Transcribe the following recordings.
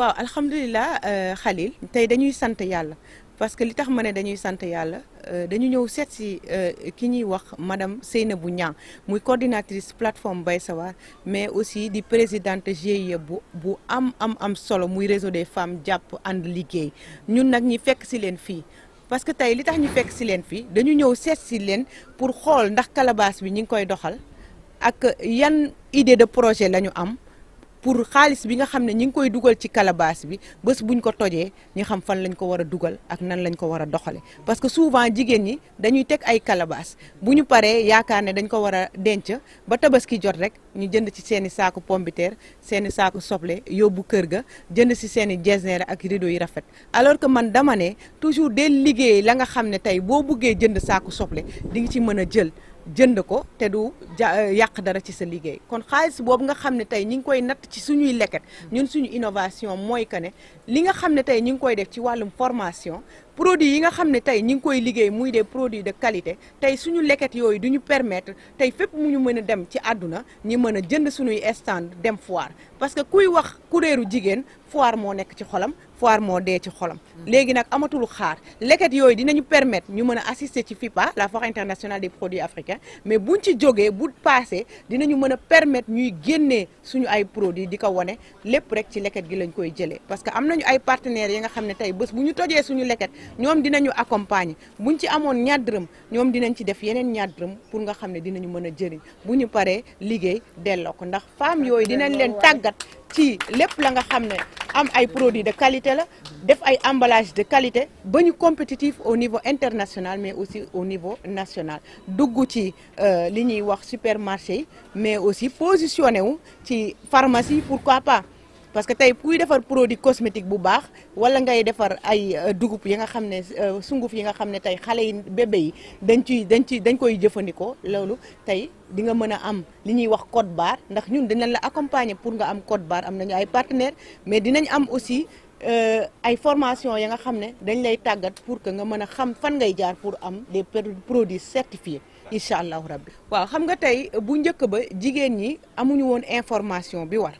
waaw alhamdulilah euh, Khalil tey dañuy sant yàlla parce que li tax ma ne dañuy sant yàlla euh, dañu ñëw seet si euh, ki ñuy wax madame Seynabou Niang muy coordinatrice plateforme Bay Sawar mais aussi di présidente GIE bu bu am am am solo muy réseau des femmes jàpp ànd liggéey ñun nag ñi fekk si leen fii parce que tey li tax ñu fekk si leen fii dañu ñëw seet si leen pour xool ndax calebasse bi ñi ngi koy doxal ak yan idée de projet lañu am pour xaalis bi nga xam ne ñi ngi koy dugal ci calebasse bi bés buñ ko tojee ñu xam fan lañ ko war a dugal ak nan lañ ko war a doxale parce que souvent jigéen ñi dañuy teg ay calebasse bu ñu paree yaakaar ne dañ ko war a denc ba tabaski jot rek ñu jënd ci seen i saaku pombiteer seeni i saaku soble yóbbu kër ga jënd si seen i jesneer ak rideau yi rafet alors que man dama ne toujours de liggéey la nga xam ne tey boo buggee jënd saaku soble di nga ci mën a jël jënd ko te du euh, yàq dara ci sa liggéey kon xaalis boobu nga xam ne tey ñi ngi koy natt ci suñuy leket ñun suñu innovation mooy que ne li nga xam ne tey ñi ngi koy def ci wàllum formation produits yi nga xam ne tey ñi koy liggéey muy des produits de qualité tay suñu leket yooyu du ñu permettre tay fépp mu ñu dem ci aduna, ñi mën a jënd suñuy stand dem foire parce que kuy wax kuréeru jigéen foire moo nekk ci xolam foire moo dee ci xolam mm. amatul xaar leket yooyu dinañu permettre ñu mën a assister ci FIPA la foire internationale des produits africains mais buñ ci jógee bu passé dinañu mën a permettre ñuy génnee suñu ay produits di lépp rek ci leket gi lañ koy jëlee parce que am nañu ay partenaires yi nga xam ne tey bés suñu leket ñom dinañu accompagner buñ ci amone ñaar ñom dinañ ci def yenen ñaar pour nga xamné dinañu mëna a jëriñ bu ñu liggéey delloo ndax femme yoy dinañ leen tagat ci lépp la nga xamné am ay produits de qualité la def ay emballage de qualité bañu compétitif au niveau international mais aussi au niveau national duggu ci euh, liñuy wax supermarché mais aussi positionné wu ci pharmacie pourquoi pas parce que tay kuy defar produit cosmétique bu baax wala ngay defar ay euh, dugup yi nga xamné euh, sunguf yi nga xamné tay xalé yi bébé yi dañ ci dañ ci dañ koy jëfëndiko lolu tay di nga mëna am li ñuy wax code barre ndax ñun dinañ la accompagner pour nga am code barre am nañu ay partenaire mais dinañ am aussi euh ay formation yi ya nga xamné dañ lay tagat pour que nga mëna xam fan ngay jaar pour am des produits certifiés inshallah rabbi waaw xam nga tay bu njëkk ba jigéen ñi amuñu won information bi war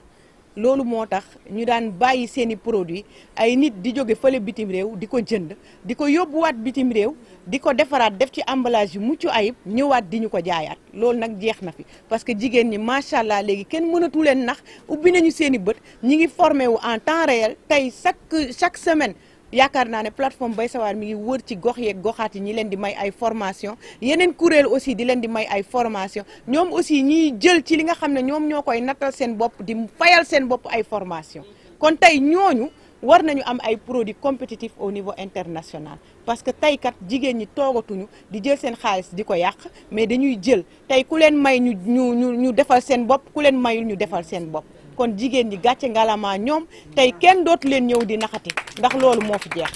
loolu moo tax ñu daan bàyyi seeni i produit ay nit di jóge fale bitim réew di ko jënd di ko yóbbuwaat bitim réew di ko defaraat def ci emballage yu mucc ayib ñëwaat di ñu ko jaayaat loolu nag jeex na fi parce que jigéen ñi macha allah léegi kenn mënatu leen nax ubbi nañu seen i bët ñi ngi formé wu en temps réel tey chaque chaque semaine yaakaar naa ne plateforme Bay Sa War mi ngi wër ci gox yeeg goxaat yi ñi leen di may ay formation yeneen kuréel aussi di leen di may ay formation ñoom aussi ñiy jël ci li nga xam ne ñoom ñoo koy nattal seen bopp di fayal seen bopp ay formation kon tey ñooñu war nañu am ay produits compétitifs au niveau international parce que tey kat jigéen ñi toogatuñu di jël seen xaalis di ko yàq mais dañuy jël tey ku leen may ñu ñu ñu defal seen bopp ku leen mayul ñu defal seen bopp kon jigéen ñi gàcce ngalama ñoom tey kenn dootu leen ñëw di naxati ndax loolu moo fi jeex.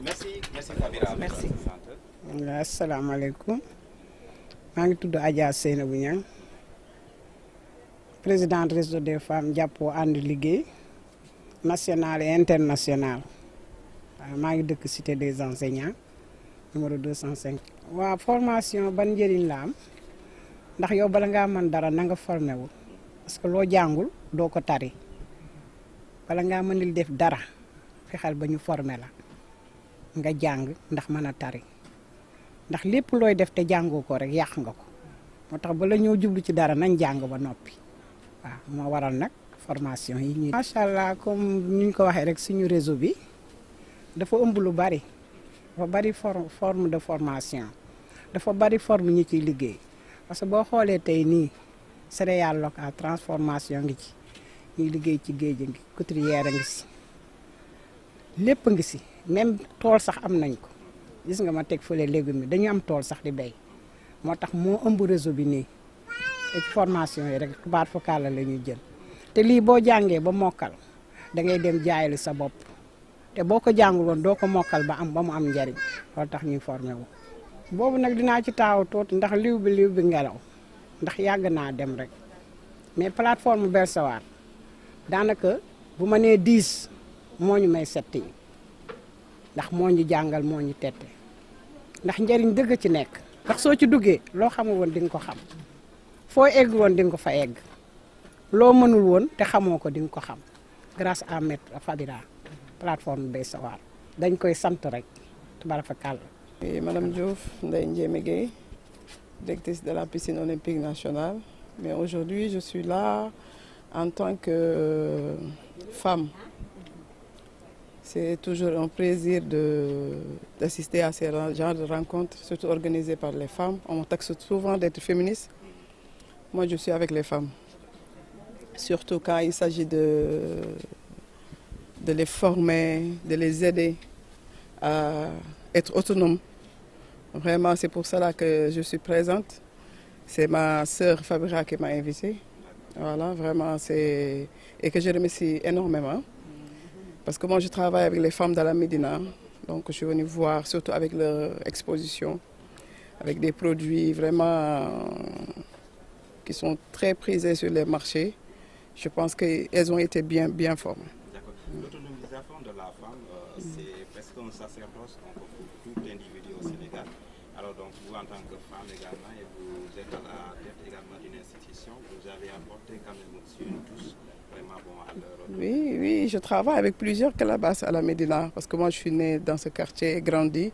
merci merci maa ngi tudd Adja bu Niang présidente réseau des femmes jàppoo ànd liggéey national et international waaw maa ngi dëkk cité des enseignants numéro 205. waaw formation ban njëriñ la ndax yow bala ngaa mën dara na nga formé wu. parce que loo jàngul doo ko tari bala ngaa mënil def dara fexeel ba ñu former la nga jàng ndax mën a tari ndax lépp looy def te jàngoo ko rek yàq nga ko moo tax bala ñoo jublu ci dara nañ jàng ba noppi waaw moo waral nag formation yi macha comme ñu ko waxee rek suñu réseau bi dafa ëmb lu bari dafa bari forme de formation dafa bari forme ñi ciy liggéey parce que boo xoolee tey nii céréale locale transformation ngi ci ñuy liggéey ci géej ngi couturière ngi si lépp ngi si même tool sax am nañ ko gis nga ma teg fële légume bi dañu am tool sax di béy moo tax moo ëmb réseau bi nii te formation yi rek tubaab focal la ñuy jël te lii boo jàngee ba mokkal da ngay dem jaayali sa bopp te boo ko jàngul doo ko mokkal ba am ba mu am njariñ loolu tax ñuy formé wu boobu nag dinaa ci taaw tuuti ndax liw bi liw bi ndax yàgg naa dem rek mais plateforme Belsawar daanaka bu ma nee dix moo ñu may setti ndax moo ñu jàngal moo ñu tette ndax njëriñ dëgg ci nekk ndax soo ci duggee loo xamul woon di nga ko xam foo egg woon di nga ko fa egg loo mënul woon te xamoo ko di nga ko xam grâce à maître Fabira plateforme sawar dañ koy sant rek tabarakalla madame Diouf Ndeye Ndiémé Guèye directrice de la piscine olympique nationale. Mais aujourd'hui, je suis là en tant que euh, femme. C'est toujours un plaisir d'assister à ces genres de rencontres, surtout organisées par les femmes. On taxe souvent d'être féministe. Moi, je suis avec les femmes. Surtout quand il s'agit de, de les former, de les aider à être autonomes. Vraiment, c'est pour cela que je suis présente. C'est ma sœur Fabrica qui m'a invitée. Voilà, vraiment, c'est... Et que je remercie énormément. Parce que moi, je travaille avec les femmes dans la Médina. Donc, je suis venue voir, surtout avec leur exposition, avec des produits vraiment euh, qui sont très prisés sur les marchés. Je pense qu'elles ont été bien, bien formées. L'autonomisation de la femme, euh, c'est est-ce qu'un sacerdoce donc, pour tout individu au Sénégal Alors donc vous en tant que femme également, et vous êtes à la tête également d'une institution, vous avez apporté quand même une touche vraiment bon à leur... Oui, oui, je travaille avec plusieurs calabasses à la Médina, parce que moi je suis née dans ce quartier et grandi.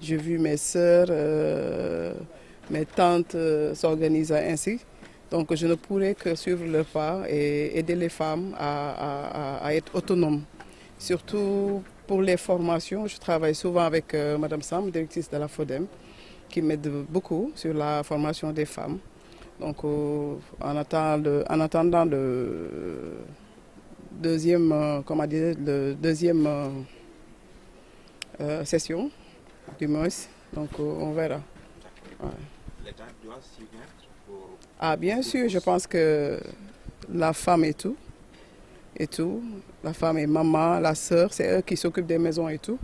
J'ai vu mes sœurs, euh, mes tantes euh, s'organiser ainsi. Donc je ne pourrais que suivre leur pas et aider les femmes à, à, à être autonomes. Surtout pour les formations, je travaille souvent avec euh, Madame Sam, directrice de la FODEM, qui m'aide beaucoup sur la formation des femmes. Donc, euh, en, attendant le, deuxième, euh, comment le deuxième session du mois. donc on verra. Ah, bien sûr, je pense que la femme est tout et tout. La femme est maman, la sœur, c'est eux qui s'occupent des maisons et tout.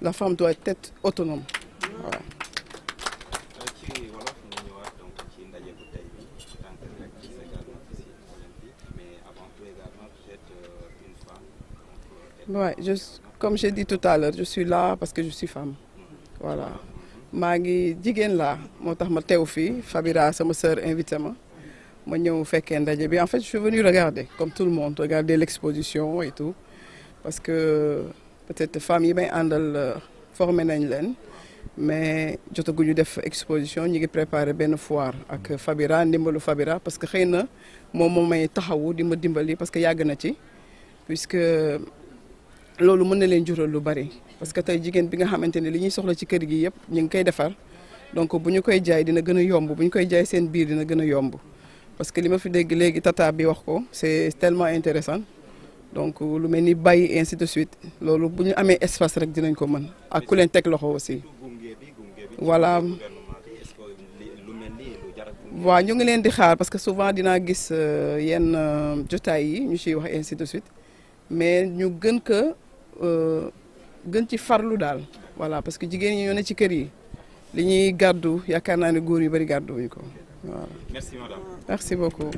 La femme doit être autonome. Voilà. je, comme j'ai dit tout à l'heure, je suis là parce que je suis femme. Voilà. suis ngi jigéen laa moo ça ma teew fii sœur ma ñëw fekkee ndaje bi en fait je suis venu regarder comme tout le monde regarder l'exposition et tout parce que peut-être famille ben may àndal euh, formé nañ leen mais jotaguñu def exposition ñu préparé benn foire ak Fabira ndimbalu Fabira parce que xëy na moom moo may taxawu di ma dimbali parce que yàgg na ci puisque lolu mën na leen jural lu bari parce que tay jigen bi nga xamanteni ne li ñuy soxla ci kër gi yépp ñu ngi koy defar donc buñu koy jaay dina gën a yomb buñu koy jaay seen biir dina gën a yomb parce que li ma fi dégg léegi tata bi wax ko c'est tellement intéressant donc lu mel ni et ainsi de suite loolu bu ñu amee espace rek dinañ ko mën ak ku leen teg loxo aussi voilà waaw ñu ngi leen di xaar parce que souvent dinaa gis euh, yenn euh, jotaay yi ñu ciy wax ainsi de suite mais ñu gën ko euh, gën ci farlu daal voilà parce que jigéen ñi ñoo ne ci kër yi li ñuy gàddu yaakaar naa ne góor yu bari gàddu wuñ ko voilà. Merci, madame. Merci beaucoup.